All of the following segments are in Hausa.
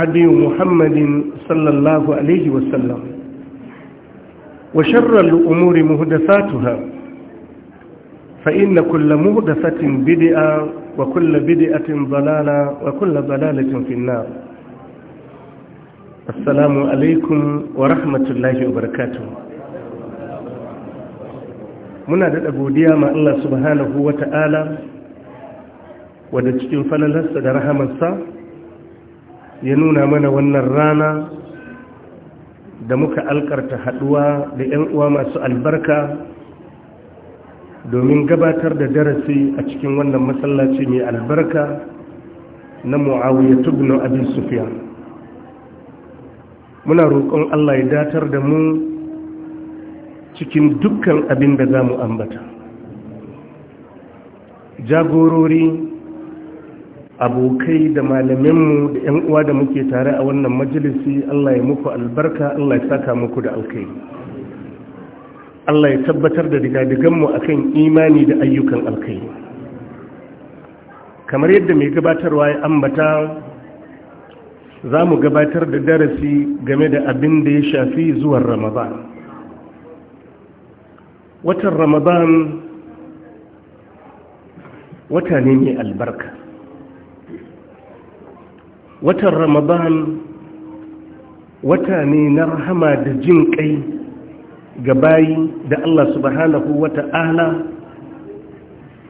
هدي محمد صلى الله عليه وسلم وشر الأمور مهدفاتها فإن كل مهدفة بدئة وكل بدئة ضلالة وكل ضلالة في النار السلام عليكم ورحمة الله وبركاته muna da godiya ma Allah subhanahu wa ta'ala wadda cikin falalarsa da rahamarsa ya nuna mana wannan rana da muka alkarta haduwa da 'yan uwa masu albarka domin gabatar da darasi a cikin wannan masallaci mai albarka na mu'awiyar tubno abin sufiya muna roƙon allah ya datar da mu cikin dukkan abin da za mu ambata jagorori abokai da malaminmu da 'yan uwa da muke tare a wannan majalisi Allah ya muku albarka Allah ya saka muku da alkai Allah ya tabbatar da digadiganmu a kan imani da ayyukan alkai kamar yadda mai gabatarwa ya ambata za mu gabatar da darasi game da abin da ya shafi zuwan ramadan watan ramadan wata ne mai albarka watan ramadan wata ne na rahama da jin kai ga bayi da Allah subhanahu Ta'ala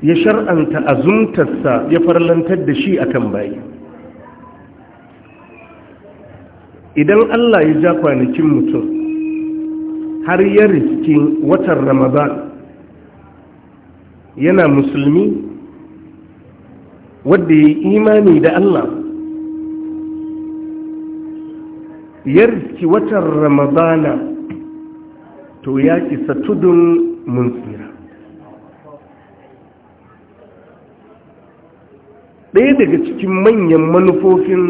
ya shar'anta azumtarsa ya farlantar da shi akan bayi idan Allah ya ja kwanakin mutum har ya riski watan ramadan yana musulmi wadda ya imani da Allah yarki watan ramadana to ya kisa tudun mun tsira ɗaya daga cikin manyan manufofin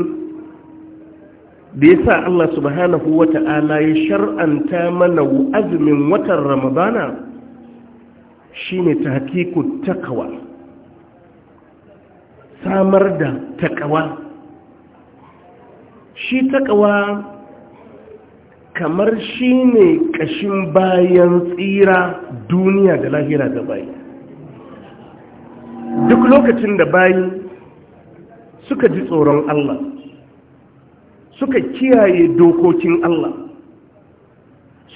da ya sa Allah subhanahu wa ta'ala ya shar'anta mana azumin watan ramadana shine ta hakiku takawa samar da takawa shi takawa kamar shi ne ƙashin bayan tsira duniya da lahira da bayi duk lokacin da bayi suka ji tsoron Allah suka kiyaye dokokin Allah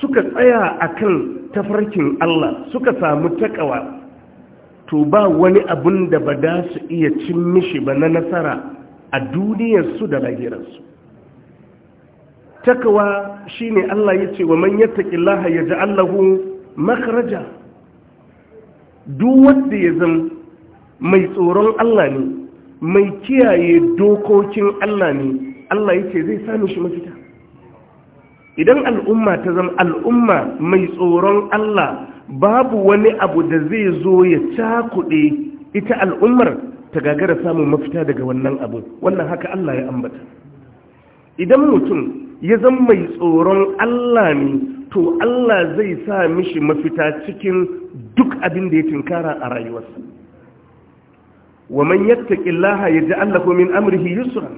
suka tsaya a kan tafarkin Allah suka samu takawa to ba wani abin da ba da su iya cin mishi ba na nasara a duniyarsu da lahirarsu takawa shine Allah ya ce wa man ya ji Allah makaraja. duk wanda ya zama mai tsoron Allah ne mai kiyaye dokokin Allah ne Allah ya ce zai sami shi mafita idan al'umma ta zama al'umma mai tsoron Allah babu wani abu da zai zo ya cakuɗe ita al'ummar ta gagara samun mafita daga wannan abu wannan haka Allah ya ambata idan mutum ya zan mai tsoron Allah ne to Allah zai sa mishi mafita cikin duk abin da ya tunkara a rayuwarsa wa man ya yaj'al lahu min amrihi yusra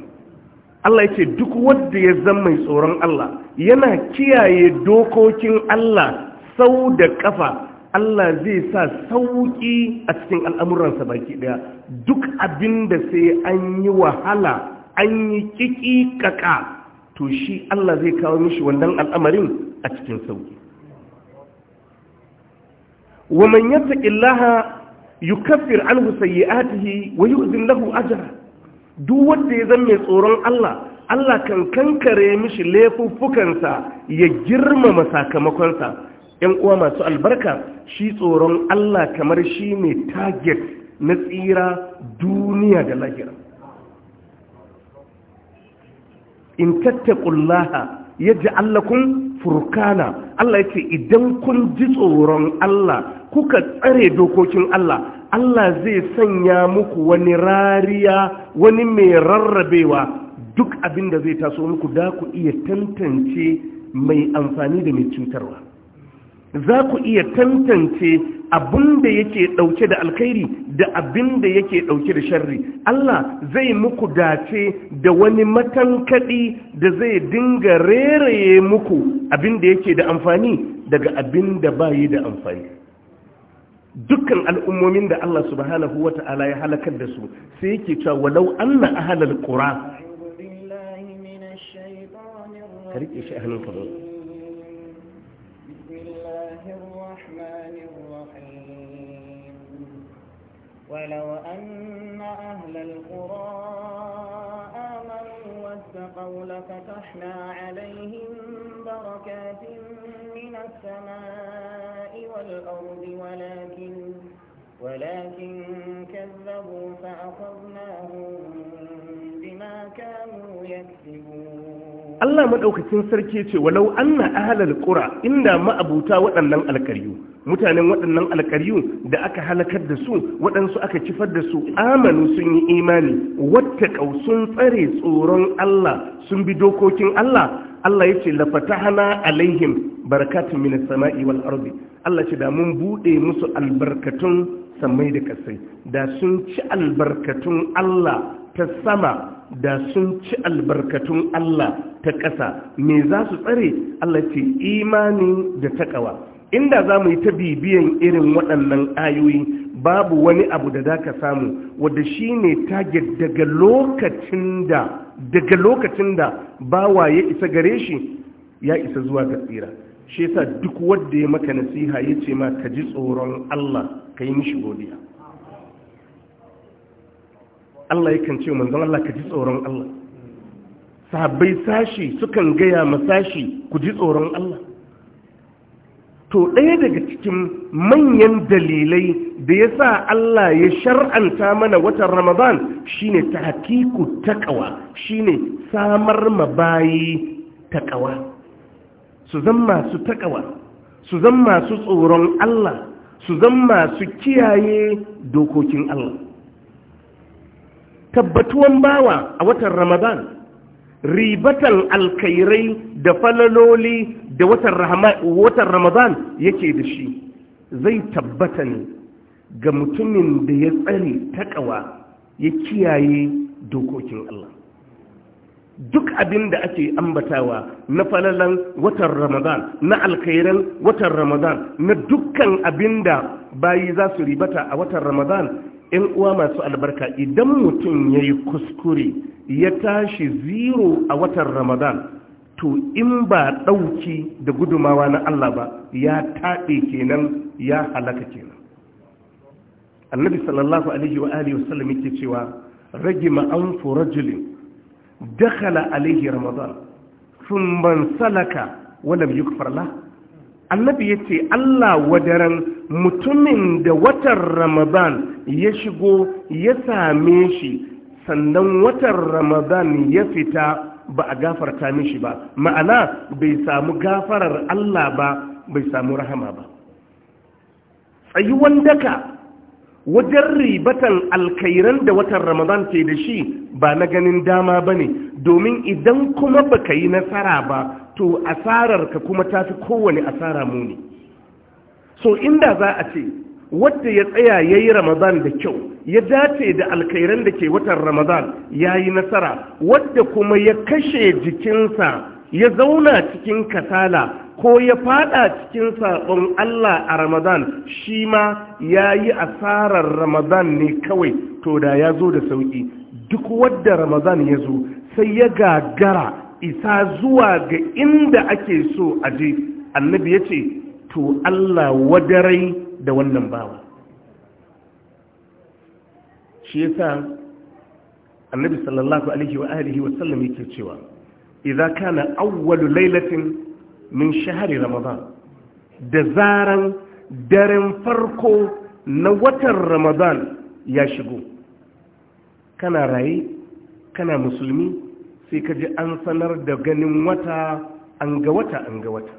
Allah yace duk wanda ya zan mai tsoron Allah yana kiyaye dokokin Allah sau da kafa Allah zai sa sauƙi a cikin al'amuransa baki ɗaya. duk abin da sai an yi wahala an yi kikikaka to shi Allah zai kawo mishi wannan al'amarin a cikin sauki wa man yattaqillaha yukaffir anhu sayyi'atihi wa yu'zim lahu ajra duk wanda ya zama tsoron Allah Allah kan kankare mishi laifuffukansa ya girmama sakamakonsa ‘yan uwa masu albarka shi tsoron Allah kamar shi ne target na tsira duniya da lahira in ya ji lakum furkana Allah yace idan kun ji tsoron Allah kuka tsare dokokin Allah Allah zai sanya muku wani rariya wani mai rarrabewa duk abin da zai taso muku da ku iya tantance mai amfani da mai cutarwa za ku iya tantance abin da yake ɗauke da alkhairi da abin da yake ɗauke da sharri Allah zai muku dace da wani matankaɗi da zai dinga reraye muku abin da yake da amfani daga abin da bayi da amfani dukkan al'ummomin da Allah subhanahu wa ta'ala ya halakar da su sai yake cewa walau anna ahlal qura karike shi hannun ولو أن أهل القرى آمنوا واتقوا لفتحنا عليهم بركات من السماء والأرض ولكن ولكن كذبوا فأخذناهم بما كانوا يكسبون الله مدعوك تنسر كيتي ولو أن أهل القرى إنما أبوتا وأنن الكريم mutanen waɗannan alƙaryu da aka halakar da su waɗansu aka cifar da su amanu sun yi imani wata sun tsare tsoron Allah sun bi dokokin Allah Allah ya ce hana alaihim barakatun mina sama'i wal ardi Allah ce da mun buɗe musu albarkatun samai da kasai da sun ci albarkatun Allah ta sama da sun ci albarkatun Allah ta ƙasa me za su tsare Allah ce imani da ƙawa. inda za mu yi ta bibiyan irin waɗannan ayoyi babu wani abu da za ka samu wadda shi ne target daga lokacin da daga lokacin da bawa ya isa gare shi ya isa zuwa ga tsira shi yasa duk wanda ya maka nasiha ya ce ma ka ji tsoron Allah ka yi mishi godiya Allah yakan ce manzon Allah ka ji tsoron Allah sahabbai sashi sukan gaya ma ku ji tsoron Allah to ɗaya daga cikin manyan dalilai da ya sa Allah ya shar'anta mana watan Ramadan shine ta hakiku taƙawa shine samar ma mabayi taƙawa su zan masu taƙawa su zan masu tsoron Allah su zan masu kiyaye dokokin Allah tabbatuwan bawa a watan Ramadan ribatal alkairai da falaloli da watan ramadan yake da shi zai tabbata ne ga mutumin da ya tsare takawa ya kiyaye dokokin Allah duk abin da ake ambatawa na falalan watan ramadan na alkairan watan ramadan na dukkan abin da bayi za su ribata a watan ramadan 'yan uwa masu albarka idan mutum ya yi kuskure ya tashi zero a watan ramadan to in ba ɗauki da gudumawa na Allah ba ya taɗe kenan ya halaka kenan annabi sallallahu alaihi wa alihi wasallam yake cewa ragima an rajulin dakhala alaihi ramadan sun ban salaka wala yukfar la annabi yace Allah wadaran mutumin da watan ramadan ya shigo ya same shi sannan watan ramadan ya fita ba a gafarta mishi ba ma'ana bai samu gafarar Allah ba bai samu rahama ba tsayuwan daka wajen ribatan alkairan da watan ramadan ke da shi ba na ganin dama ba ne domin idan kuma baka yi nasara ba to asararka kuma tafi kowane asara muni so inda za a ce wadda ya tsaya ya yi ramadan da kyau ya dace da alkairan da ke watan ramadan ya yi nasara wadda kuma ya kashe jikinsa ya zauna cikin kasala ko ya fada cikin sabon Allah a ramadan shi ma ya yi asarar ramadan ne kawai to da ya zo da sauƙi duk wadda ramadan ya zo sai ya gagara isa zuwa ga inda ake so a je, annabi ya ce to Allah wadarai da wannan bawa shi yasa annabi sallallahu alaihi wa alihi wa sallam yake cewa idza kana awwalu lailatin min shahri ramadan da zaran daren farko na watan ramadan ya shigo kana raye kana musulmi sai ka ji an sanar da ganin wata an ga wata an ga wata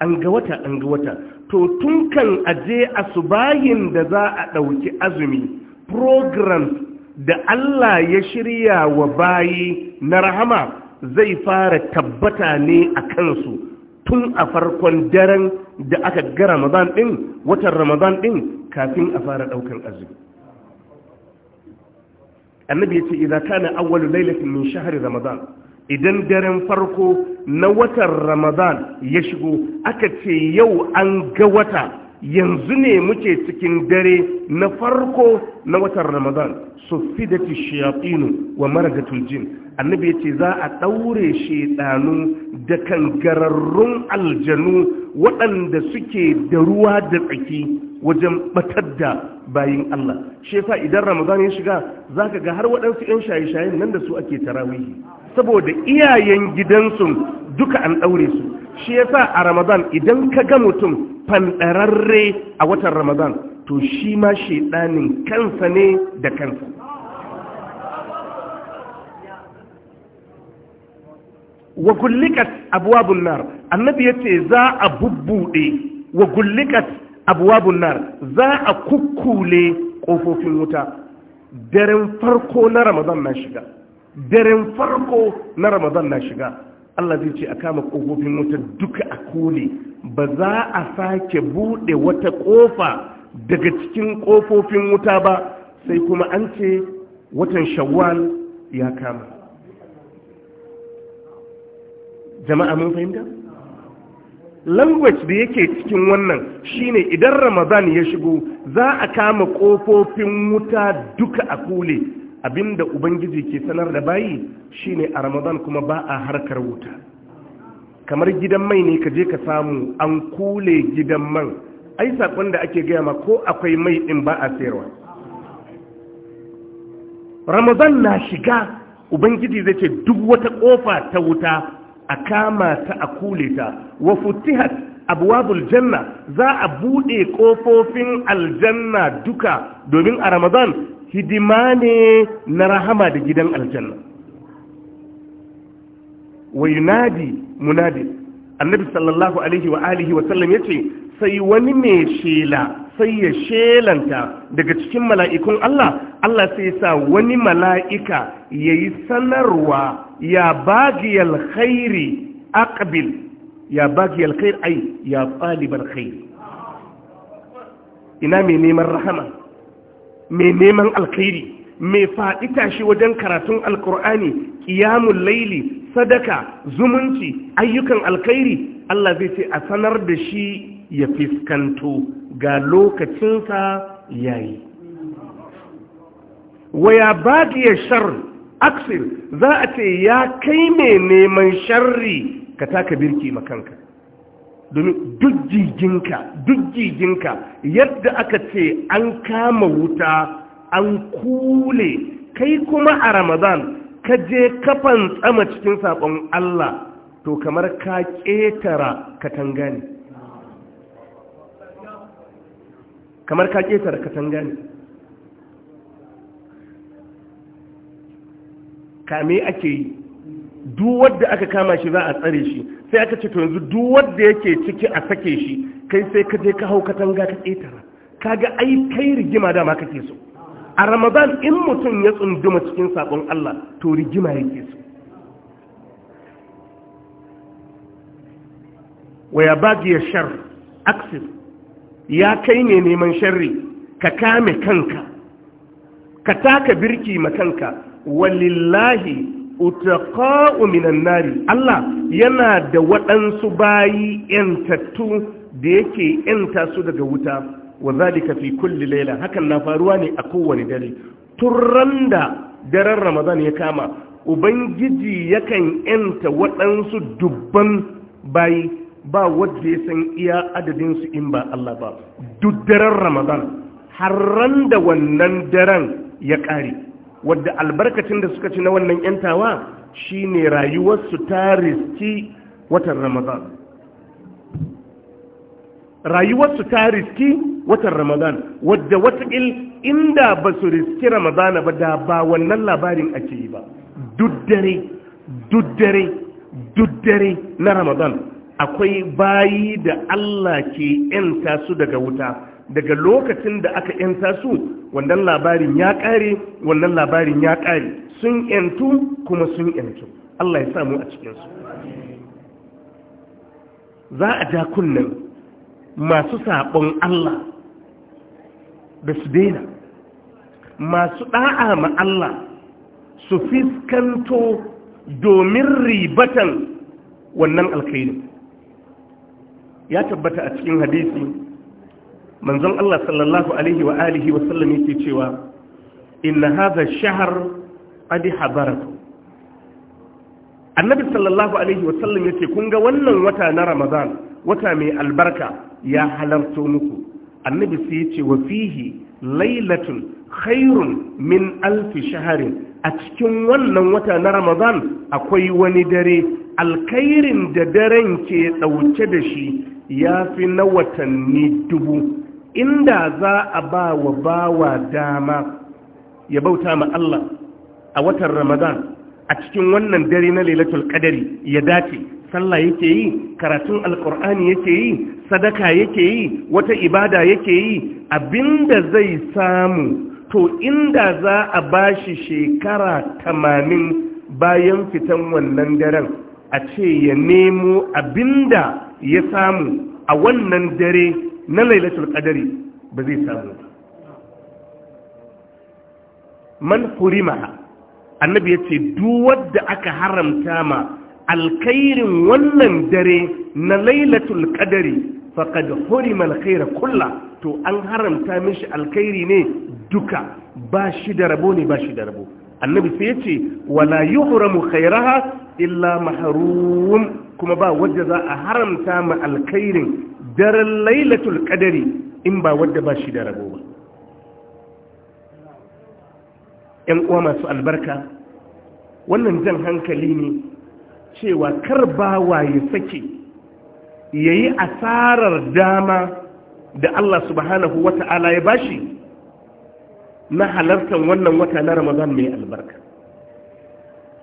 an ga wata an ga wata to tun kan aje asubahin da za a ɗauki azumi programs da Allah ya shirya wa bayi na rahama zai fara tabbata ne a kansu tun a farkon daren da aka ga ramadan ɗin watan ramadan ɗin kafin a fara ɗaukar azumi annabi ya ce idan kana awwalu lailatin min shahri ramadan idan daren farko na watan ramadan ya shigo aka ce yau an ga wata yanzu ne muke cikin dare na farko na watan ramadan su fi da wa maragatul jin annabi ya ce za a ɗaure shaidanu da kangararrun aljanu waɗanda suke da ruwa da tsaki wajen batar da bayin Allah shi idan ramadan ya shiga za ka ga har waɗansu 'yan shaye-shayen nan da su ake tarawihi saboda iyayen gidansu duka an ɗaure su shi yasa a ramadan idan ka ga mutum fanɗararre a watan ramadan to shi ma ɗanin kansa ne da kansa wa gullikat abuwabun nar annabi ya ce za a bubbuɗe wa gullikat abuwabun nar za a kukkule ƙofofin wuta daren farko na ramadan na shiga daren farko na ramadan na shiga Allah zai ce a kama ƙofofin wuta duka a kone ba za a sake buɗe wata ƙofa daga cikin ƙofofin wuta ba sai kuma an ce watan shawwal ya kama jama'a mun fahimta language da yake cikin wannan shine idan ramadan ya shigo za a kama ƙofofin wuta duka a kule abinda ubangiji ke sanar da bayi shine a ramadan kuma ba a harkar wuta kamar gidan mai ne ka je ka samu an kule gidan man ai sakon da ake gaya ma ko akwai mai din ba a sayarwa ramadan na shiga ubangiji zai ce duk wata kofa ta wuta a kama ta a kule ta wa futihat Abuwabul janna za a bude kofofin aljanna duka domin a ramadan hidima ne na rahama da gidan aljanna wayu nadi munadi annabi sallallahu alaihi wa alihi wa sallam yace sai wani mai shela sai ya shelanta daga cikin mala'ikun Allah Allah sai sa wani mala'ika yayi sanarwa ya bagiyal khairi aqbil ya baki alkhair ai ya ɗalibar khair ina mai neman rahama mai neman alkhairi mai faɗi tashi wajen karatun alkur'ani ƙiyamun laili sadaka zumunci ayyukan alkhairi Allah zai ce a sanar da shi ya fiskanto ga lokacinsa yayi waya baƙi ya shar aksir za a ce ya kai mai neman sharri ka taka birki makanka domin duk dujjijinka duk yadda aka ce an kama wuta an kule kai kuma a ramadan ka je kafan tsama cikin saƙon Allah to kamar ka ƙetara katanga ne kamar ka ƙetara katanga ne kame ake yi duk wadda aka kama shi za a tsare shi sai aka ce to yanzu duk wanda yake ciki a sake shi kai sai ka je ka hau katanga ka ƙetara kaga ai kai rigima dama kake so a ramadan in mutum ya tsunduma cikin sabon Allah to rigima yake so waya bagi ya shar aksir ya kai ne neman sharri ka kame kanka ka taka birki ma kanka walillahi utaqa'u minan nari Allah yana da waɗansu bayi yantattu da yake yanta su daga wuta wa zalika fi kulli layla hakan na faruwa ne a kowane dare turran da daren Ramadan ya kama ubangiji yakan yanta waɗansu dubban bayi ba wanda ya san iya adadin su in ba Allah ba duk daren Ramadan harran da wannan daren ya ƙare wadda albarkacin da suka ci na wannan yantawa shine rayuwarsu ta riski watan ramadan rayuwarsu ta riski watan ramadan wadda watakil inda ba su riski ramadan ba da ba wannan labarin ake yi ba duddare duddare duddare na ramadan akwai bayi da allah ke yanta su daga wuta daga lokacin da aka yanta su wannan labarin ya ƙare wannan labarin ya ƙare sun yantu kuma sun yantu Allah ya samu a cikinsu za a ja kunnen masu saɓon Allah da su daina masu ɗa'a ma Allah su fiskanto domin ribatan wannan alkhairin ya tabbata a cikin hadisi manzon Allah sallallahu alaihi wa alihi wa sallam yake cewa inna hadha ash-shahr qad habaratu annabi sallallahu alaihi wa sallam yake kun ga wannan wata na ramadan wata mai albarka ya halarto muku annabi sai yace wa fihi lailatun khairun min alfi shaharin a cikin wannan wata na ramadan akwai wani dare alkhairin da daren ke dauke da shi ya fi na watanni dubu inda za a ba wa bawa dama ya bauta ma Allah a watan Ramadan a cikin wannan dare na lailatul qadari ya dace sallah yake yi karatun alqur'ani yake yi sadaka yake yi wata ibada yake yi abinda zai samu to inda za a bashi shekara 80 bayan fitan wannan daren a ce ya nemo abinda ya samu a wannan dare na lailatul qadari ba zai samu man hurimaha annabi ya ce wadda aka haramta ma alkhairin wannan dare na lailatul qadari faqad hurima alkhaira kulla to an haramta mishi alkhairi ne duka ba shi da rabo ne ba shi da rabo annabi sai ya ce wala yuhramu khairaha illa mahrum kuma ba wadda za a haramta ma alkhairin daren lailatul kadari in ba wadda ba shi da rabo ba ‘yan uwa masu albarka wannan jan hankali ne cewa kar bawa ya sake ya yi asarar dama da Allah subhanahu wa ta'ala ya bashi na halartar wannan wata na Ramadan mai albarka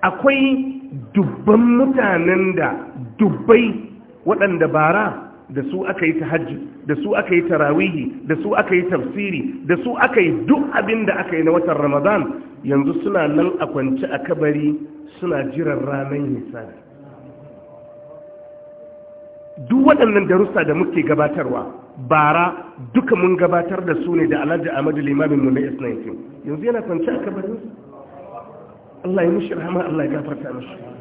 akwai dubban mutanen da dubbai waɗanda bara da su aka yi tahajji da su aka yi tarawihi da su aka yi tafsiri da su aka yi duk abin da aka yi na watan ramadan yanzu suna nan a kwanci a kabari suna jiran ranar misali duk waɗannan darussa da muke gabatarwa bara duka mun gabatar da su ne da alhaji amadu limamin mu na s19 yanzu yana kwanci a kabarin. Allah ya mushi rahama Allah ya gafarta mushi.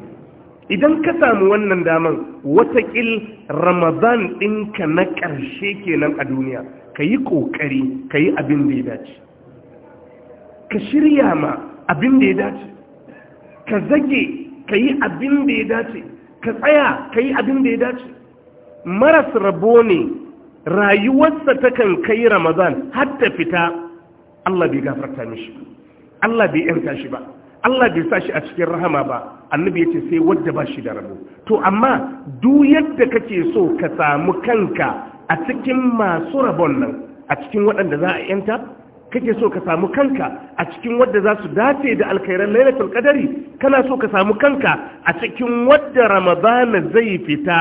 idan ka samu wannan daman watakil ramadan ɗinka na ƙarshe kenan a duniya ka yi ƙoƙari ka yi abin da ya dace ka shirya ma abin da ya dace ka zage ka yi abin da ya dace ka tsaya ka yi abin da ya dace maras rabo ne rayuwarsa takan kai ramadan har ta fita allah bai gafarta mishi allah bai yanta shi ba Allah bai sa shi a cikin rahama ba annabi yace sai wadda ba shi da rabo to amma duk yadda kake so ka samu kanka a cikin masu rabon nan a cikin waɗanda za a yanta kake so ka samu kanka a cikin wadda za su dace da alkhairan lailatul qadari kana so ka samu kanka a cikin wadda ramadana zai fita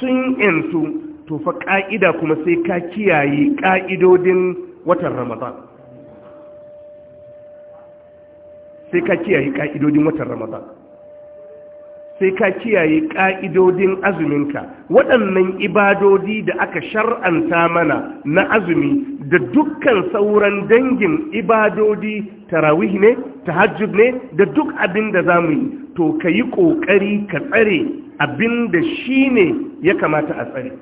sun yantu to fa ka'ida kuma sai ka kiyaye ka'idodin watan ramadan sai ka kiyaye ka'idodin watan ramadan sai ka kiyaye ka'idodin azuminka waɗannan ibadodi da aka shar'anta mana na azumi da dukkan sauran dangin ibadodi tarawih ne tahajjud ne da duk abin da za mu yi to ka yi ƙoƙari ka tsare abin da shi ne ya kamata a tsare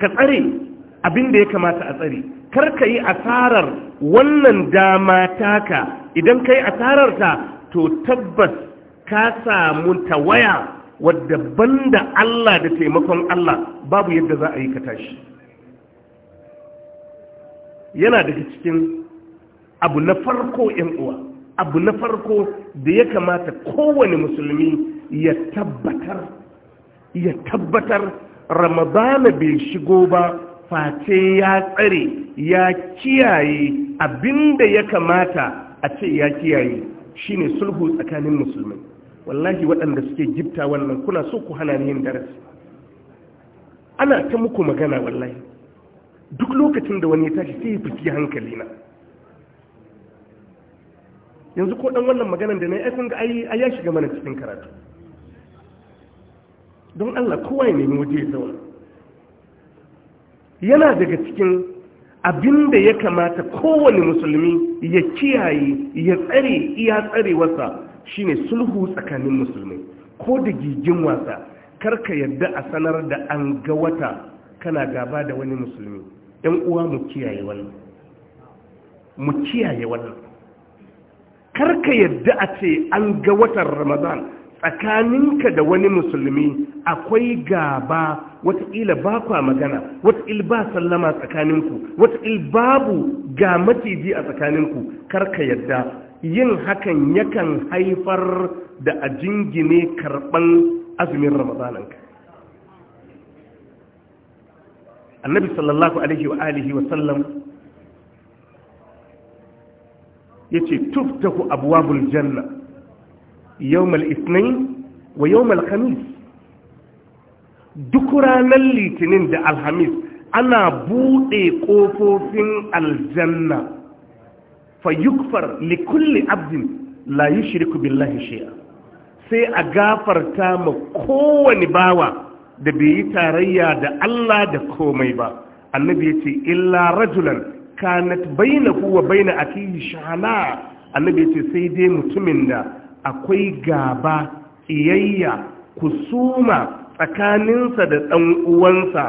ka tsare abin da ya kamata a tsare karka yi asarar wannan dama taka idan ka yi ta, to tabbas ka samu tawaya wadda banda Allah da taimakon Allah babu yadda za a yi ka tashi yana daga cikin abu na farko uwa abu na farko da ya kamata kowane musulmi ya tabbatar ya tabbatar ramadana bai shigo ba face ya tsare ya kiyaye abinda ya kamata a ce ya kiyaye shine sulhu tsakanin musulmai wallahi waɗanda suke gifta wannan kuna so ku hana ni yin darasi ana ta muku magana wallahi duk lokacin da wani ya tashi sai ya fiki hankali na yanzu ko ɗan wannan maganan da na yi kun ga a ya shiga mana cikin karatu don Allah kowa ya nemi waje ya zauna yana daga cikin abin da ya kamata kowane musulmi ya kiyaye ya tsare iya tsarewarsa shine sulhu tsakanin musulmi ko da gigin wasa karka yadda a sanar da an ga wata kana gaba da wani musulmi yan uwa mu kiyaye wannan mu kiyaye wannan karka yadda a ce an ga watan ramadan tsakaninka da wani musulmi akwai gaba wataƙila ba kwa magana watakila ba sallama tsakaninku watakila babu ga maciji a tsakaninku ka yadda yin hakan yakan haifar da a jingine karɓan azumin ramadananka annabi sallallahu alaihi wa alihi wa sallam ya ce tuftahu abuwa janna yawmal isnin wa yawmal duk ranar litinin da alhamis ana buɗe ƙofofin aljanna fa yukfar likulli abdin la yushriku billahi shay'a sai a gafarta ma kowane bawa da bai yi tarayya da Allah da komai ba annabi ya ce illa rajulan kanat bai na baina yi shahana annabi ya ce sai dai mutumin da akwai gaba iyayya kusuma tsakaninsa da ɗan uwansa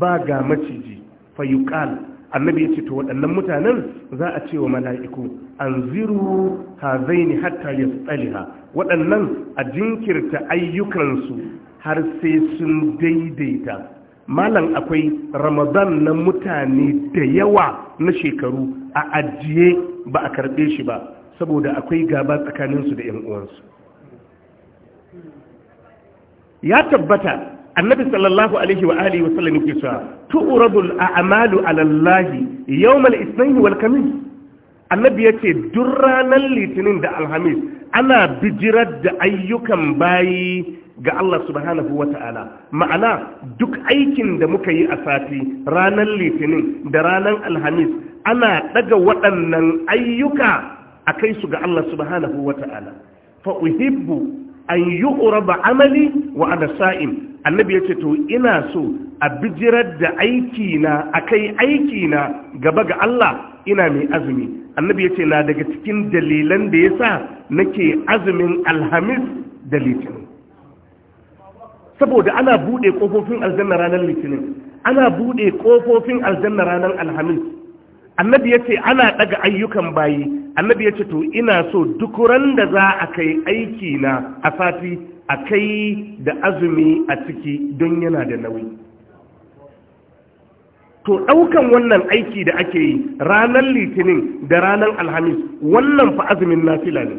ba ga maciji fayuqal annabi ce to waɗannan mutanen za a ce wa mala'iku an ha anziru hazaini hatta ya ha. waɗannan a jinkirta ayyukansu har sai sun daidaita malam akwai ramadan na mutane da yawa na shekaru a ajiye ba a karɓe shi ba saboda akwai gaba tsakaninsu da 'yan uwansu ya tabbata annabi sallallahu alaihi wa alihi wa sallam yake cewa tu'radul a'malu ala Allah yawm al-ithnain wal khamis annabi yace duk ranar litinin da alhamis ana bijirar da ayyukan bayi ga Allah subhanahu wa ta'ala ma'ana duk aikin da muka yi a sati ranar litinin da ranar alhamis ana daga waɗannan ayyuka a kai su ga Allah subhanahu wa ta'ala fa uhibbu an ba amali wa ana sa'im annabi yace to ina so a bijirar da aiki na akai aiki na gaba ga Allah ina mai azumi annabi yace na daga cikin dalilan da yasa nake azumin alhamis da litinin saboda ana buɗe kofofin aljanna ranar litinin ana buɗe ƙofofin aljanna ranar alhamis annabi ya ce ana ɗaga ayyukan bayi annabi ya ce to ina so duk ran za a kai aiki na a sati a kai da azumi a ciki don yana da nauyi to ɗaukan wannan aiki da ake yi ranar litinin da ranar alhamis wannan fa azumin nafila ne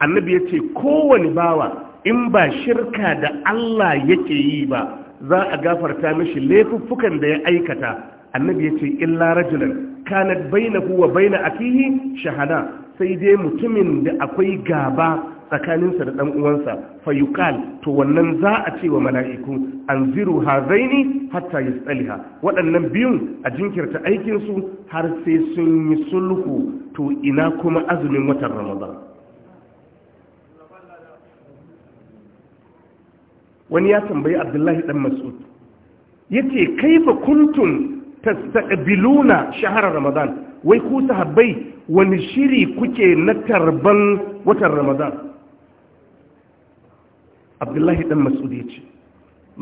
annabi ya ce kowane bawa in ba shirka da allah yake yi ba za a gafarta mishi laifuffukan da ya aikata annabi ya ce illa rajulan kanat baina wa baina akihi shahada sai dai mutumin da akwai gaba tsakaninsa da ɗan uwansa fayukal to wannan za a ce wa mala'iku anziru hazaini hatta tsaliha waɗannan biyun a jinkirta aikin su har sai sun yi sulhu to ina kuma azumin watan ramadan wani ya tambayi abdullahi dan mas'ud yace kaifa kuntum tastaqbiluna shahar ramadan wai ku sahabbai wani shiri kuke na tarban watan ramadan abdullahi dan masudi ce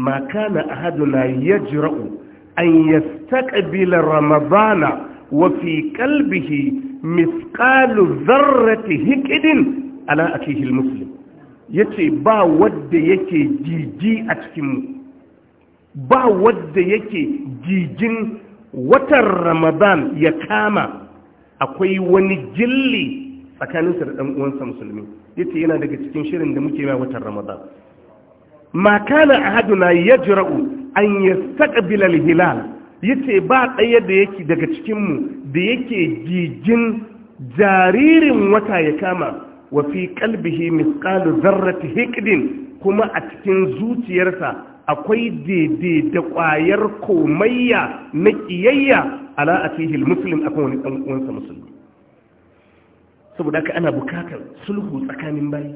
ma kana ahaduna yajra'u an yastaqbila ramadana wa fi qalbihi mithqalu dharrati hikdin ala akihi almuslim yace ba wanda yake jiji a cikin ba wadda yake jijin watan ramadan ya kama akwai wani jilli tsakaninsa da ɗan'uwansa musulmi yace yana daga cikin shirin da muke a watan ramadan ma kana ahaduna yajra'u an yastaqbila al-hilal yace ba ɗaya da yake daga cikin mu da yake gigin jaririn wata ya kama wa fi qalbihi misqalu zarrati hiqdin kuma a cikin zuciyarsa akwai daidai da ƙwayar komayya na ƙiyayya ala a cihil musulun akan wani ɗan'uwansa musulmi saboda ka ana bukatar sulhu tsakanin bayi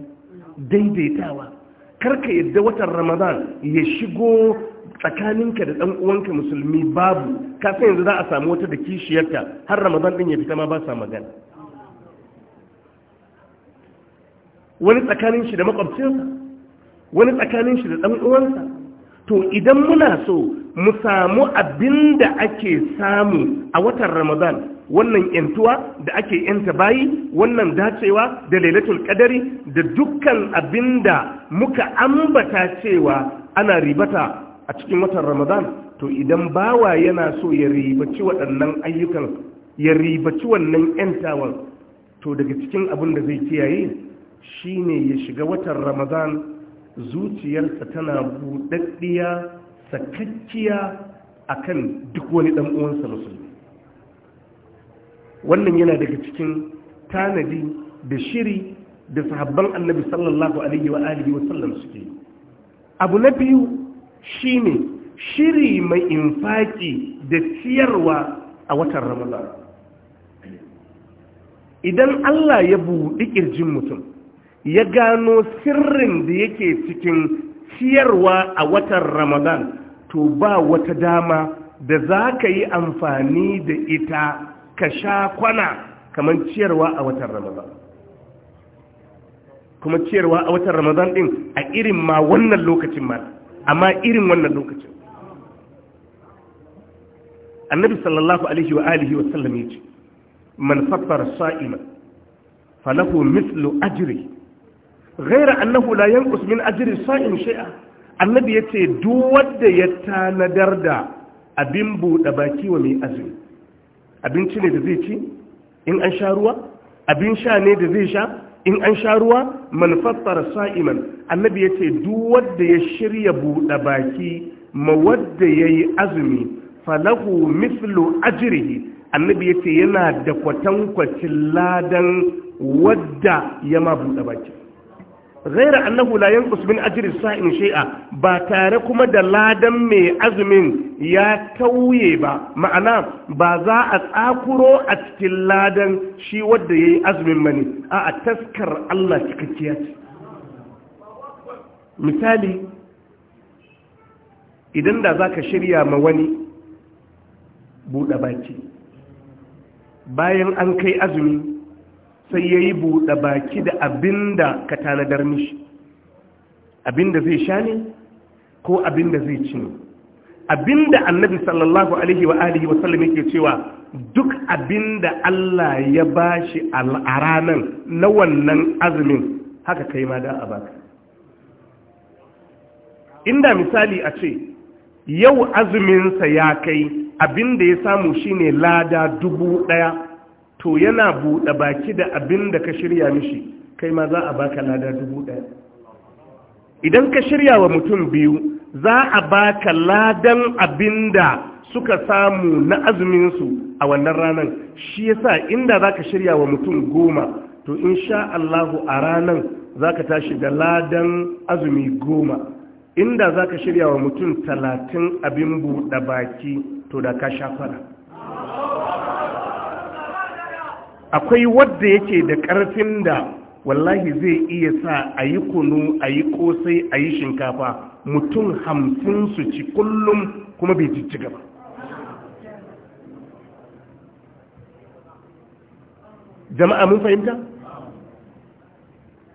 daidaitawa karka yadda watan ramadan ya shigo tsakaninka da ɗan'uwanka musulmi babu kafin yanzu za a samu wata da kishiyarta har ramadan ɗin ya fita ma ba sa magana wani tsakanin shi da makwabcinsa wani tsakanin shi da ɗan uwansa to idan muna so mu samu abin da ake samu a watan ramadan wannan yantuwa da ake yanta bayi wannan dacewa da lailatul kadari da dukkan abin da muka ambata cewa ana ribata a cikin watan ramadan to idan bawa yana so ya ribaci waɗannan ayyukan ya ribaci wannan yantawan to daga cikin abin da zai kiyaye shine ya shiga watan ramadan zuciyarsa tana buɗaɗɗiya sakakkiya akan duk wani ɗan'uwansa uwansa musulmi wannan yana daga cikin tanadi da shiri da sahabban annabi sallallahu alaihi wa alihi wa sallam suke abu na biyu shine shiri mai infaki da ciyarwa a watan ramadan idan Allah ya buɗi ƙirjin mutum ya gano sirrin da yake cikin ciyarwa a watan ramadan to ba wata dama da za ka yi amfani da ita ka sha kwana kamar ciyarwa a watan ramadan kuma ciyarwa a watan ramadan din a irin ma wannan lokacin ma amma irin wannan lokacin annabi sallallahu alaihi wa alihi wa sallam yace man fattara sa'iman falahu mithlu ajri ghaira annahu la yanqus min ajri sa'in shay'a annabi yace duk wanda ya tanadar da abin buɗe baki wa mai azumi abinci ne da zai ci in an sha ruwa abin sha ne da zai sha in an sha ruwa man fassara sa'iman annabi yace duk wanda ya shirya buɗe baki ma wanda yayi azumi falahu mithlu ajrihi annabi yace yana da kwatankwacin ladan wadda ya ma buɗe baki Zaira annahu la yanqus min ajri sa'in shay'a ba tare kuma da ladan mai azumin ya tauye ba ma'ana ba za a tsakuro a cikin ladan shi wanda yayi azumin mani a a taskar Allah cikakkiya ce misali idan da zaka shirya ma wani buɗe baki bayan an kai azumi sai ya yi buɗe baki da abin da ka tanadar mishi abin da zai sha ne ko abin da zai ci abin da annabi sallallahu alaihi wa alihi wasallam yake cewa duk abin da Allah ya bashi al'aranan ranar na wannan azumin haka kai ma da a baka inda misali a ce yau azuminsa ya kai abin da ya samu shine lada dubu ɗaya to yana buɗe baki da abin da ka shirya mishi kai ma za a baka lada dubu ɗaya idan ka shirya wa mutum biyu za a baka ladan abin da suka samu na azuminsu a wannan ranar shi yasa inda za ka shirya wa mutum goma to insha Allahu a ranar za ka tashi da ladan azumi goma inda za ka shirya wa mutum talatin abin buɗe baki to da ka sha fara akwai wadda yake da ƙarfin da wallahi zai iya sa a yi kunu a yi kosai a yi shinkafa mutum hamsin su ci kullum kuma bai jijji gaba? jama'a mun fahimta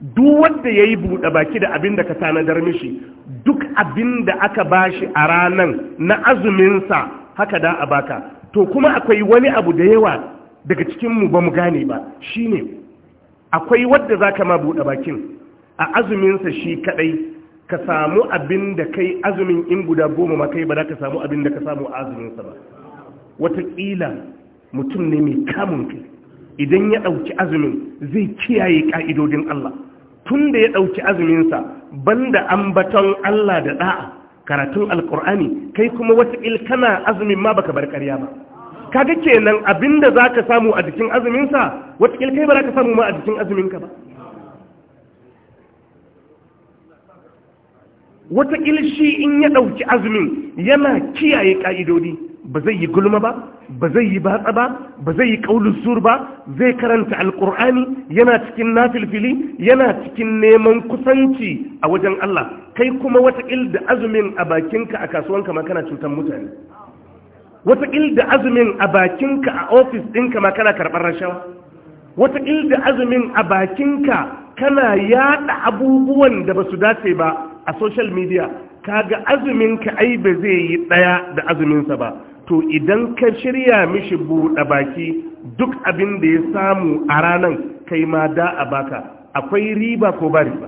duk wanda ya yi buɗe baki da abin da ka tanadar mishi duk abin da aka bashi a ranan na azuminsa haka da a baka to kuma akwai wani abu da yawa daga cikinmu ba mu gane ba shi ne akwai wadda za ka ma buɗe bakin a azuminsa shi kaɗai ka samu abin da kai azumin in guda goma ma kai ba za ka samu abin da ka samu a azuminsa ba wataƙila mutum ne mai kamun kai idan ya ɗauki azumin zai kiyaye ƙa'idodin Allah tun da ya ɗauki azuminsa banda ambaton Allah da ɗa'a karatun alƙur'ani kai kuma wataƙila kana azumin ma baka bar ƙarya ba kaga kenan abinda za ka samu a jikin azuminsa watakil kai ba za ka samu ma a jikin azuminka ba watakil shi in ya ɗauki azumin yana kiyaye ƙa'idodi ba zai yi gulma ba ba zai yi batsa ba ba zai yi ƙaunin sur ba zai karanta alƙur'ani yana cikin nafilfili yana cikin neman kusanci a wajen Allah kai kuma watakil da azumin a bakinka a kasuwanka ma kana cutar mutane wata da azumin a bakinka a ofis ɗinka ma kana karɓar rashawa wata da azumin a bakinka kana yaɗa abubuwan da ba su dace ba a social media kaga azuminka ai ba zai yi ɗaya da azuminsa ba to idan ka shirya mishi buɗe baki duk abin da ya samu a ranan kai ma da a baka akwai riba ko ba riba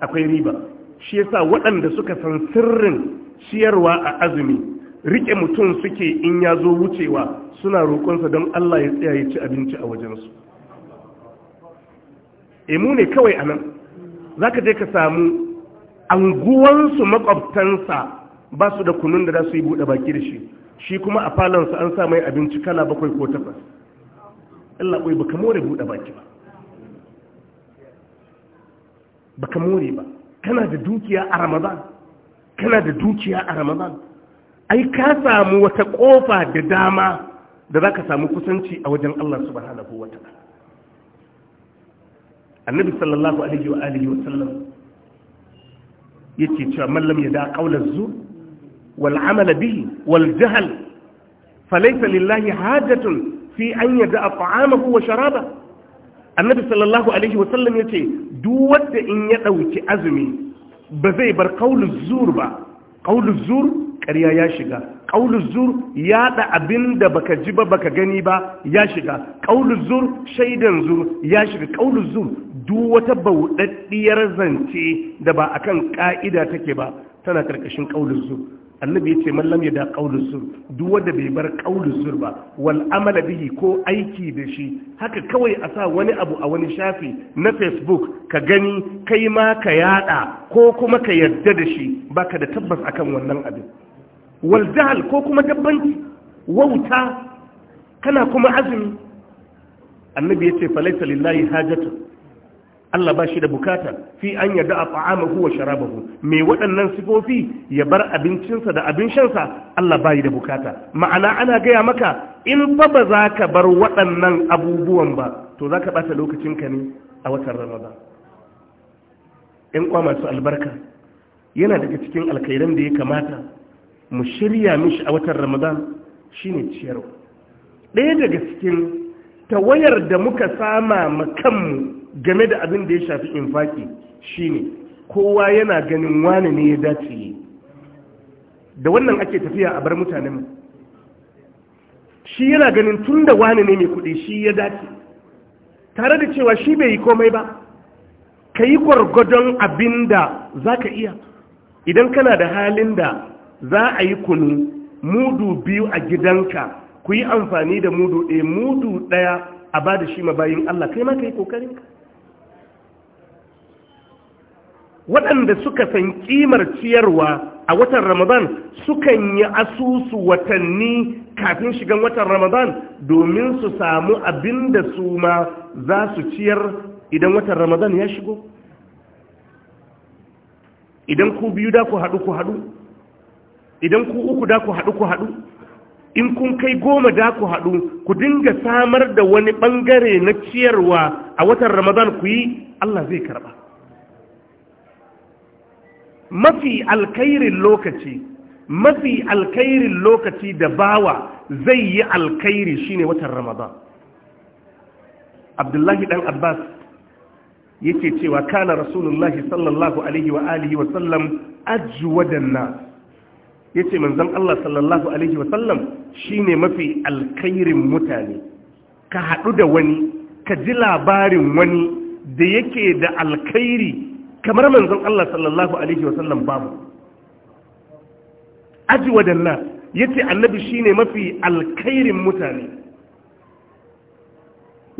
akwai riba shi yasa waɗanda suka san sirrin ciyarwa a azumi rike mutum suke in ya zo wucewa suna roƙonsa don Allah ya tsaya ya ci abinci a wajensu emu ne kawai a nan za ka je ka samu anguwansu makwabtansa ba su da kunun da za su yi buɗe baki da shi shi kuma a falonsa an sa mai abinci kala bakwai ko takwas Allah ba ka more buɗe baki ba ba ka more ba kana da dukiya a ramadan kana da dukiya a ramadan ai ka samu wata ƙofa da dama da za ka samu kusanci a wajen Allah subhanahu wa ta'ala annabi sallallahu alaihi wa alihi wa sallam yace cewa mallam ya da qawla zu wal amala bihi wal jahl falaysa lillahi hajatun fi an yada ta'amahu wa sharaba annabi sallallahu alaihi wa sallam yace duk wanda in ya dauki azumi ba zai bar qawlu zur ba qawlu zur ƙarya ya shiga ƙaunar zur yaɗa abin da baka ji ba baka gani ba ya shiga ƙaunar zur shaidan zur ya shiga ƙaunar zur duk wata bauɗaɗɗiyar zance da ba kan ƙa'ida take ba tana ƙarƙashin ƙaunar zur annabi ya ce mallam ya da ƙaunar zur duk wanda bai bar ƙaunar zur ba wal amala bihi ko aiki da shi haka kawai a sa wani abu a wani shafi na facebook ka gani kai ma ka yaɗa ko kuma ka yarda da shi baka da tabbas akan wannan abin wal ko kuma dabbanci wauta kana kuma azumi annabi ya ce falaita lillahi hajatu Allah ba shi da bukata fi an yada a ta'amahu wa sharabahu mai waɗannan sifofi ya bar abincinsa da abin shansa Allah ba da bukata ma'ana ana gaya maka in fa ba za ka bar waɗannan abubuwan ba to za ka ɓata lokacinka ne a watan ramadan in kwa masu albarka yana daga cikin alkairan da ya kamata mu shirya mishi a watan ramadan ne ciyarwa ɗaya daga cikin tawayar da muka sama makanmu game da abin da ya shafi infaki ne. kowa yana ganin wani ne ya dace da wannan ake tafiya a bar mutanenmu shi yana ganin tun da wani ne mai kuɗi shi ya dace tare da cewa shi bai yi komai ba ka yi gwargwadon abin da za ka iya idan kana da halin da za a yi kunu mudu biyu a gidanka ku yi amfani da mudu ɗaya mudu ɗaya a ba da shi bayin Allah kai ma ka yi waɗanda suka san ƙimar ciyarwa a watan ramadan sukan yi asusu watanni kafin shigan watan ramadan domin su samu abin da su ma za su ciyar idan watan ramadan ya shigo idan ku biyu da ku haɗu ku haɗu idan ku uku da ku haɗu ku haɗu in kun kai goma da ku haɗu ku dinga samar da wani ɓangare na ciyarwa a watan ramadan ku yi allah zai karɓa mafi alkairin lokaci mafi alkairin lokaci da bawa zai yi alkairi shine watan ramadan abdullahi dan abbas yake cewa kana rasulullahi sallallahu alaihi wa alihi wa sallam ajwadan nas ya ce manzan Allah sallallahu Alaihi wasallam shi ne mafi alkairin mutane ka haɗu da wani ka ji labarin wani da yake da alkairi kamar manzan Allah sallallahu Alaihi wasallam babu aji wadanna ya ce annabi shi ne mafi alkairin mutane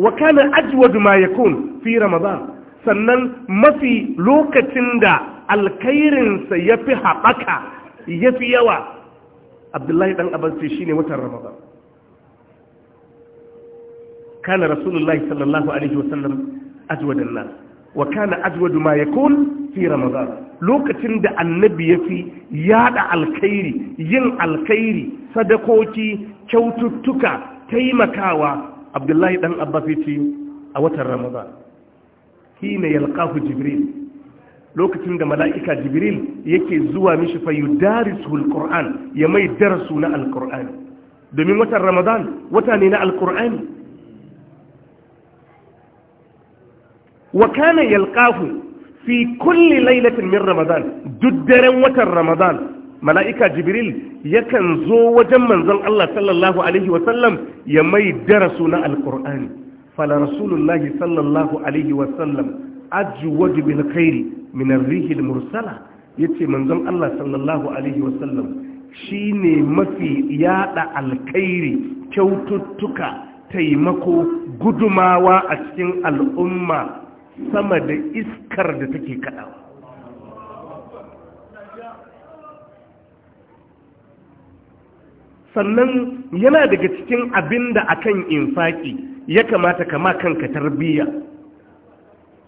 wa kana ajwadu ma kun fi ramadan sannan mafi lokacin da alkairinsa ya fi haɓaka ya fi yawa abdullahi ɗan dan shi ne watan ramadan kana rasulullahi sallallahu alaihi wasallam ajwadan nan, wa kana ajwadu ma yakun fi ramadan lokacin da annabi ya fi yada alkhairi yin alkhairi sadakoki kyaututtuka taimakawa abdullahi ɗan abbas ce a watan ramadan hina yalƙafu jibril lokacin da mala'ika jibril yake zuwa mishi fa yudarisul qur'an ya mai darasu na alqur'ani domin watan ramadan wata ne na alqur'ani wa kana yalqahu fi kulli lailatin min ramadan duk daren watan ramadan mala'ika jibril yakan zo wajen manzon Allah sallallahu alaihi wa sallam ya mai darasu na alqur'ani fala rasulullahi sallallahu alaihi wa sallam ajwadu bil khairi minar rihil mursala ya ce manzon Allah sallallahu Alaihi wasallam shi ne mafi yada alkairi kyaututtuka taimako gudumawa a cikin al'umma sama da iskar da take kaɗawa sannan yana daga cikin abinda da akan infaki ya kamata kama kanka tarbiyya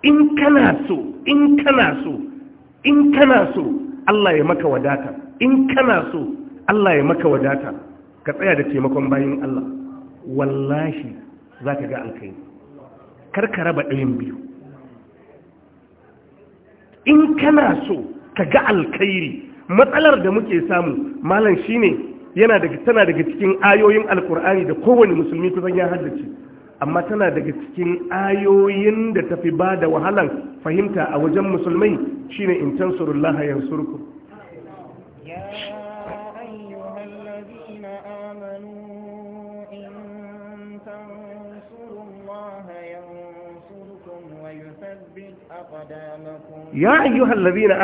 in kana so in kana so in kana so Allah ya maka wadata in kana so Allah ya maka wadata ka tsaya da taimakon bayan Allah wallahi za ka ga Kar karka raba ɗayan biyu in kana so ka ga alkhairi, matsalar da muke samu malam shine yana daga tana daga cikin ayoyin alkur'ani da kowane musulmi kusan ya haddace amma tana daga cikin ayoyin da tafi ba da wahalan fahimta a wajen musulmai shine in tansurullaha yansurku ya ayyuhal na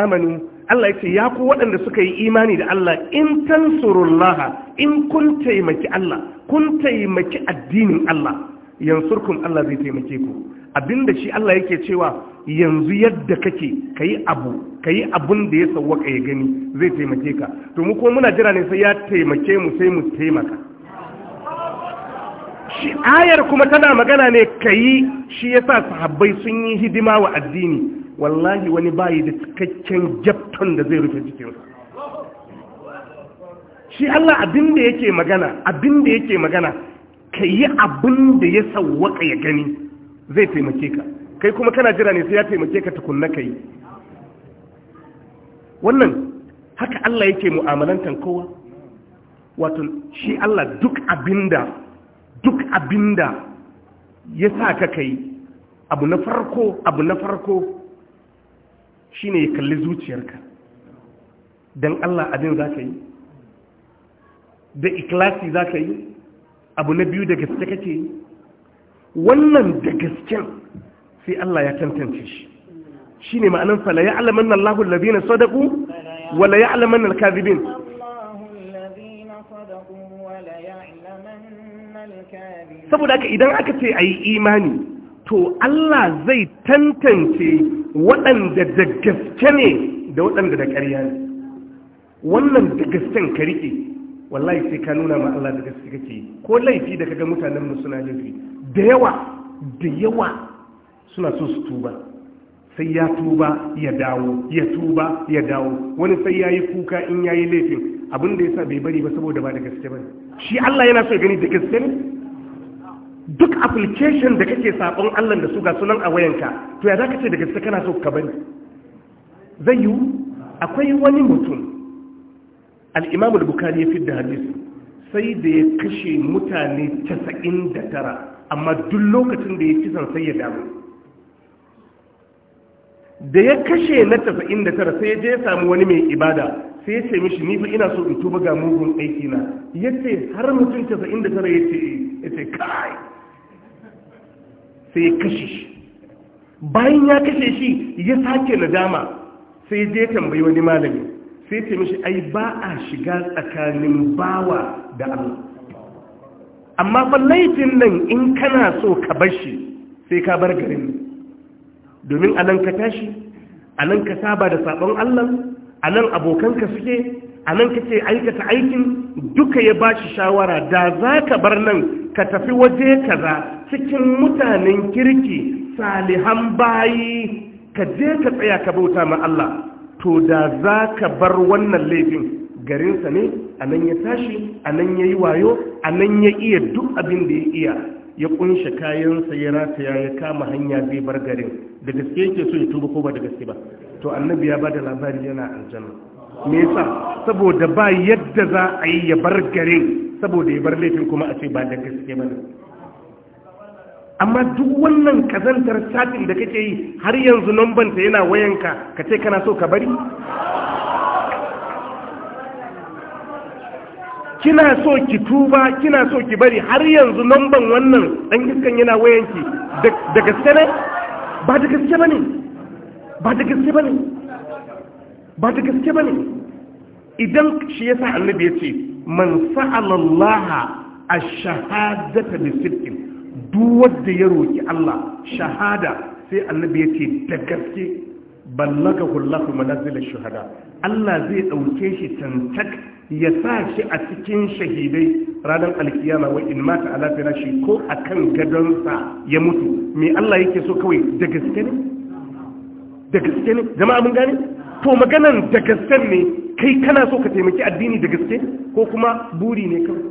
amanu Allah ya ce ya ku waɗanda suka yi imani da Allah in tansurullaha in kun taimaki Allah kun taimaki addinin Allah yansurkum Allah zai taimake ku abinda shi Allah yake cewa yanzu yadda kake kayi abu kayi abun da ya sawwaka ya gani zai taimake ka to mu ko muna jira ne sai ya taimake mu sai mu taimaka shi ayar kuma tana magana ne kayi shi yasa sahabbai sun yi hidima wa addini wallahi wani bayi da cikakken jabton da zai rufe jikinsa shi Allah abin da yake magana abin yake magana ka yi abin da ya sauwaka ya gani zai taimake ka kai kuma kana jira ne sai ya taimake ka tukunna ka yi wannan haka Allah yake mu'amalantar kowa wato shi Allah duk abinda duk abinda ya sa ka kai abu na farko abu na farko shine ya kalli zuciyarka dan Allah abin za ka yi da ikilasi za ka yi abu na biyu da gaske kake yi wannan da gasken sai Allah ya tantance shi shi ne ma'anin fala ya alaman nan lahun labina sadaku wala ya alaman nan kazibin saboda haka idan aka ce a yi imani to Allah zai tantance waɗanda da gaske ne da waɗanda da ƙarya ne wannan da gasken ka riƙe wallahi sai ka nuna ma Allah da gaske kake ko laifi da kaga mutanen mu suna laifi da yawa da yawa suna so su tuba sai ya tuba ya dawo ya tuba ya dawo wani sai yayi kuka in yayi laifin abin da yasa bai bari ba saboda ba da gaske ba shi Allah yana so gani da gaske ne duk application da kake sabon Allah da su ga sunan a wayanka to ya zaka ce da gaske kana so ka bari zai yiwu akwai wani mutum al'imamu da bukari ya fi da hadisi sai da ya kashe mutane 99 amma duk lokacin da ya kisan sai ya damu da ya kashe na 99 sai ya je ya samu wani mai ibada sai ya ce mishi nifa ina so in tuba ga mugun aiki na ya ce har mutum 99 ya ce ya ce kai sai ya kashe shi bayan ya kashe shi ya sake nadama sai ya je tambayi wani malami sai ce mishi ai ba a shiga tsakanin bawa da Allah amma fa nan in kana so ka bar shi sai ka bar garin domin anan ka tashi anan ka saba da sabon Allah anan abokanka suke anan kake aikata aikin duka ya bashi shawara da za ka bar nan ka tafi waje kaza cikin mutanen kirki salihan bayi ka je ka tsaya ka bauta ma Allah to da za ka bar wannan laifin garinsa ne a nan ya tashi a nan ya yi wayo a nan ya iya duk abin da ya iya ya kunshe kayansa ya rataya ya kama hanya zai bar garin da gaske yake so ya tuba ko ba da gaske ba to annabi ya ba da labari yana aljanna me yasa saboda ba yadda za a yi ya bar garin saboda ya bar laifin kuma a ce ba da gaske ba ne amma duk wannan kazantar satin da kake yi har yanzu numban ta yana wayanka ka ce kana so ka bari kina so ki tuba kina so ki bari har yanzu numban wannan dan iskan yana wayanki da gaske ne ba da gaske ne ba da gaske ba da gaske idan shi ya sa annabi ya ce man sa'alallaha a shahadata da bi duk wanda ya roki Allah shahada sai annabi ya ce da gaske ballaga hullahu manazil shuhada Allah zai dauke shi tantak ya sa shi a cikin shahidai ranar alkiyama wa in mata ala shi, ko akan gadonsa ya mutu me Allah yake so kawai da gaske ne da gaske ne jama'a mun gane to maganan da gaske ne kai kana so ka taimaki addini da gaske ko kuma buri ne kawai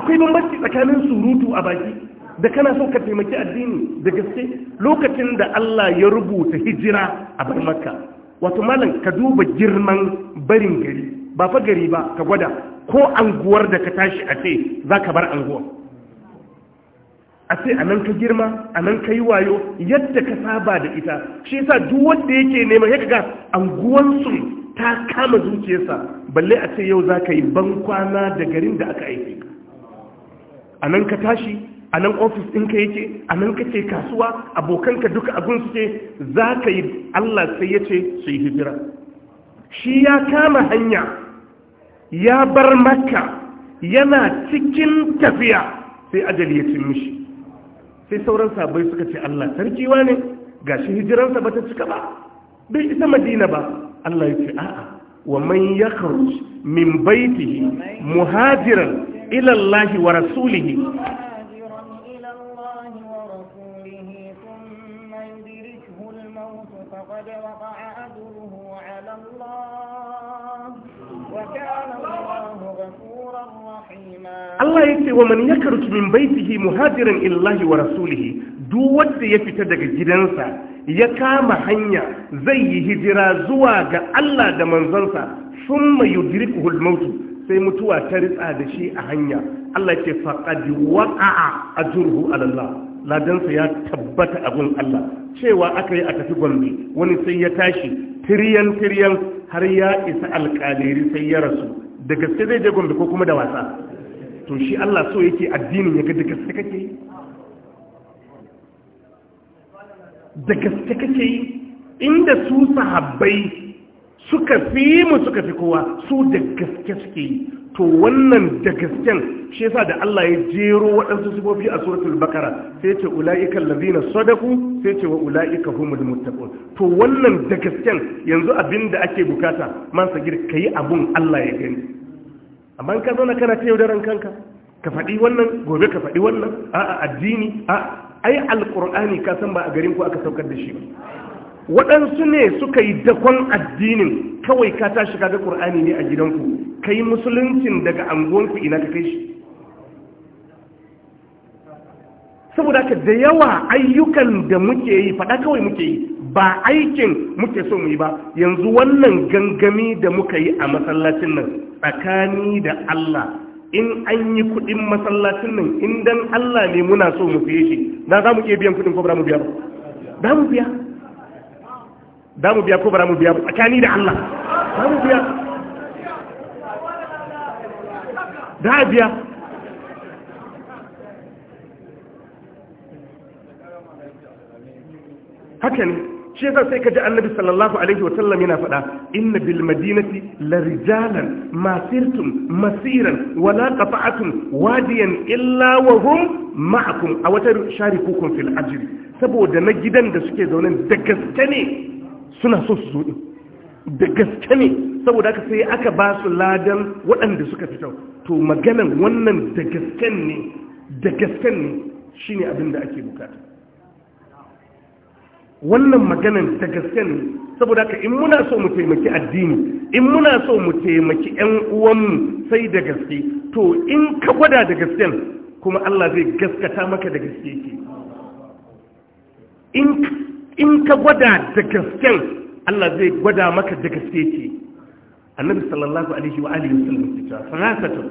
akwai bambanci tsakanin surutu a baki da kana son ka taimaki addini da gaske lokacin da Allah ya rubuta hijira a bar makka wato malam ka duba girman barin gari ba fa gari ba ka gwada ko anguwar da ka tashi a ce za ka bar anguwar a ce a nan ka girma a nan ka yi wayo yadda ka saba da ita shi yasa duk wanda yake neman ya ga anguwansu ta kama zuciyarsa balle a ce yau za ka yi bankwana da garin da aka aiki a nan ka tashi a nan ofis ɗinka yake a nan kake kasuwa abokanka duka abin suke za ka yi allah sai ya ce su yi hijira shi ya kama hanya ya bar makka yana cikin tafiya sai ajali ya cin mishi sai sauran sabai suka ce allah sarkiwa ne ga shi hijiransa ba ta cika ba bai isa madina ba allah ya ce a'a wa man ya min baitihi muhajiran ilallahi wa rasulihi Allah ya ce wa man yakarju min baitihi muhajiran illahi wa rasulihi duk wanda ya fita daga gidansa ya kama hanya zai yi hijira zuwa ga Allah da manzansa thumma yudrikuhu al-maut sai mutuwa ta ritsa da shi a hanya Allah ce faqad waqa'a ajruhu ala Allah ladansa ya tabbata abun Allah cewa aka yi a tafi gombe wani sai ya tashi Tiryan-tiryan har ya isa alƙaliri sai ya rasu da gaske zai je gombe ko kuma da wasa to shi Allah so yake addinin ya ga da gaske kake yi da gaske kake yi inda su sahabbai suka fi mu suka fi kowa su da gaske suke yi to wannan da gasken shi yasa da Allah ya jero waɗansu sifofi a suratul bakara sai ce ula'ika ladina sadaku sai ce wa ula'ika humul muttaqun to wannan da gasken yanzu abinda ake bukata man sagir kai abun Allah ya gani amma ka na kana ta yaudaran kanka ka faɗi wannan gobe ka faɗi wannan a addini a ai alƙur'ani ka san ba a garin ku aka saukar da shi ba waɗansu ne suka yi dakon addinin kawai ka tashi kaga ƙur'ani ne a gidanku kai musuluncin daga anguwanku ina ka kai shi saboda ka da yawa ayyukan da muke yi faɗa kawai muke yi ba aikin muke so mu yi ba yanzu wannan gangami da muka yi a masallacin nan tsakani da Allah in an yi kudin masallacin nan in dan Allah ne muna so mu fiye shi na za mu iya biyan kudin ko ba mu biya ba Da mu biya Da mu biya ko ba mu biya ba tsakani da Allah Da mu biya Da a biya haka ne shi yasa sai kaji annabi sallallahu alaihi wa sallam yana faɗa inna bil madinati la rijalan ma sirtum masiran la qata'tum wadiyan illa wa hum ma'akum a wata sharikukum fil ajr saboda na gidan da suke zaune da gaske ne suna so su zo da gaske ne saboda aka sai aka ba su ladan waɗanda suka fito to maganan wannan da gaske ne da gasken ne shine abin da ake bukata wannan maganan ta gaske ne saboda ka in muna so mu taimaki addini in muna so mu taimaki ƴan uwanmu sai da gaske to in ka gwada da gasken kuma Allah zai gaskata maka da gaske ke in ka gwada da gasken Allah zai gwada maka da gaske ke annabi sallallahu alaihi wa alihi wasallam ya ce sanatatu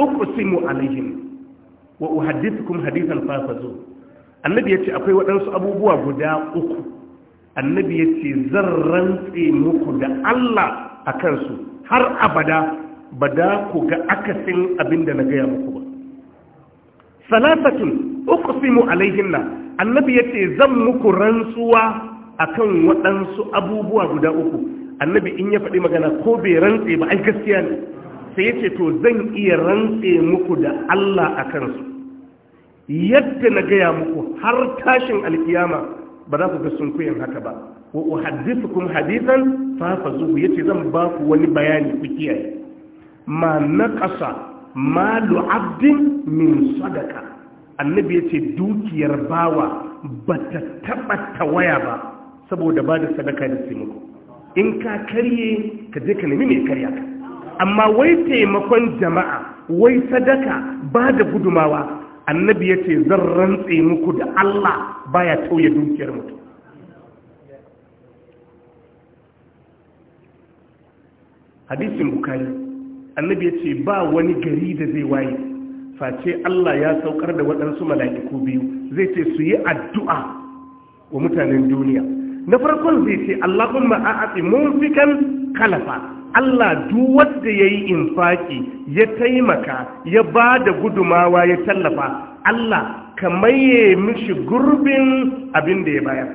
uqsimu alaihim wa uhaddithukum hadithan fafazu annabi ya ce akwai waɗansu abubuwa guda uku annabi ya ce zan rantse muku da Allah a kansu har abada ba da ku ga akasin abin da na gaya muku ba salasatun uqsimu alaihinna annabi ya ce zan muku rantsuwa akan waɗansu abubuwa guda uku annabi in ya faɗi magana ko bai rantse ba ai gaskiya ne sai ya ce to zan iya rantse muku da Allah a kansu yadda na gaya muku har tashin alkiyama ba za ku ga kuyin haka ba wa uhaddithukum hadithan fa zuhu yace zan ba ku wani bayani ku kiyaye ma naqasa malu abdin min sadaka annabi yace dukiyar bawa ba bata taba waya ba saboda ba da sadaka da taimako in ka karye ka je ka nemi mai karya ka amma wai taimakon jama'a wai sadaka ba da gudumawa annabi ya ce zan rantse muku da Allah baya tauye dukiyar mutum hadisin bukari annabi ya ce ba wani gari da zai waye face Allah ya saukar da waɗansu mala'iku biyu zai ce su yi addu'a wa mutanen duniya na farkon zai ce Allahumma a'ati fikan kalafa Allah duk wanda yayi infaki ya taimaka ya ba da gudumawa ya tallafa Allah ka maye mishi gurbin abin da ya bayar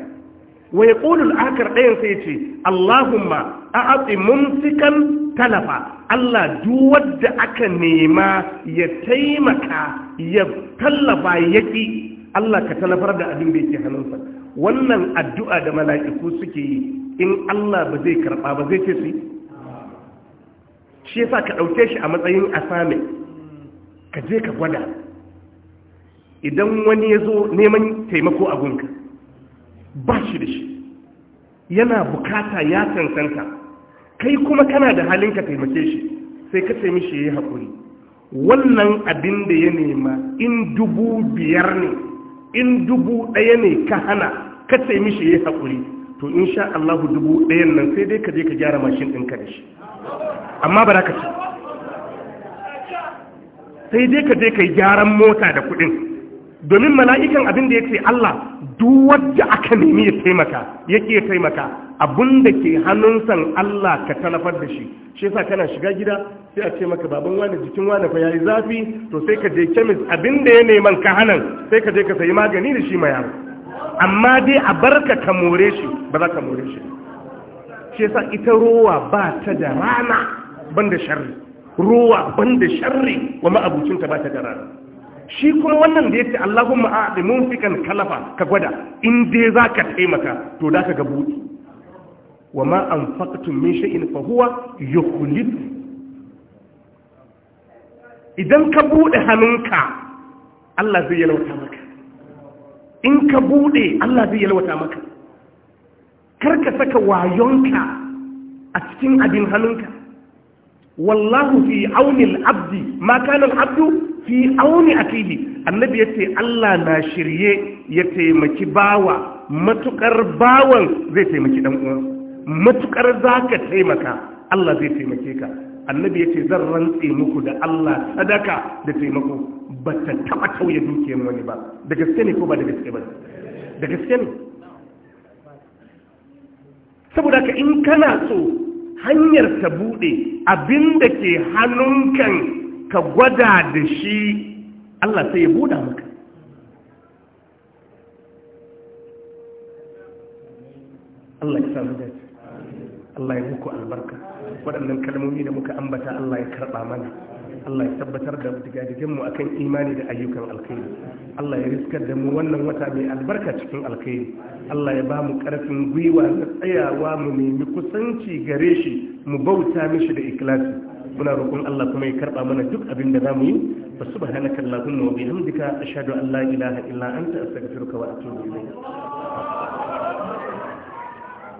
wa yaqulu al-akhir ɗayan sai ce Allahumma a'ti mumsikan talafa Allah duk wanda aka nema ya taimaka ya tallafa yaki Allah ka talafar da abin da yake hannunsa wannan addu'a da mala'iku suke yi in Allah ba zai karɓa ba zai ce su shi yasa ka ɗauke shi a matsayin assignment ka je ka gwada idan wani ya zo neman taimako a gunka ba shi da shi yana bukata ya cancanta kai kuma kana da halin ka taimake shi sai ka ce shi ya yi wannan abin da ya nema in dubu biyar ne in dubu ɗaya ne ka hana ka ce shi ya yi haƙuri to in sha Allah dubu ɗayan nan sai dai ka je ka gyara mashin ɗinka da shi amma ba ka ci sai dai ka je ka gyaran mota da kuɗin domin mala'ikan abin da ya ce Allah duk wadda aka nemi ya taimaka yake ya taimaka abin da ke hannunsan Allah ka talafar da shi shi yasa kana shiga gida sai a ce maka baban wani jikin wani fa yayi zafi to sai ka je kemis abin da ya neman ka hanan sai ka je ka sayi magani da shi ma yaro amma dai a barka ka more shi ba za ka more shi shi yasa ita rowa ba ta da rana banda sharri ruwa banda sharri wa ma'abucinta ba ta garara shi kuma wannan da yace Allahumma a'ti munfikan kalafa ka gwada in dai zaka taimaka to da ka ga buɗi wa ma anfaqtum min shay'in fa huwa yukhlif idan ka bude hannunka Allah zai yalwata maka in ka bude Allah zai yalwata maka karka saka wayonka a cikin abin hannunka wallahu fi auni abdi ma abdu fi auni akihi annabi yace Allah na shirye ya taimaki bawa matukar bawan zai taimaki dan uwan matukar zaka taimaka Allah zai taimake ka annabi yace zan rantse muku da Allah sadaka da taimako ba ta taba tauye dukiyar wani ba da gaske ko ba da gaske ba da gaske saboda ka in kana so hanyar ta buɗe abinda ke hannunkan ka gwada da shi Allah sai ya buɗa maka Allah ya samu dace Allah ya muku albarka waɗannan kalmomi da muka ambata Allah ya karɓa mana Allah ya tabbatar da digadigan mu kan imani da ayyukan alkhairi Allah ya riskar da mu wannan wata mai albarka cikin alkhairi Allah ya ba mu karfin gwiwa na tsayawa mu nemi kusanci gare shi mu bauta mishi da ikhlasi muna roƙon Allah kuma ya karba mana duk abin da zamu yi ba subhanaka allahumma wa bihamdika ashhadu an la ilaha illa anta astaghfiruka wa atubu ilayk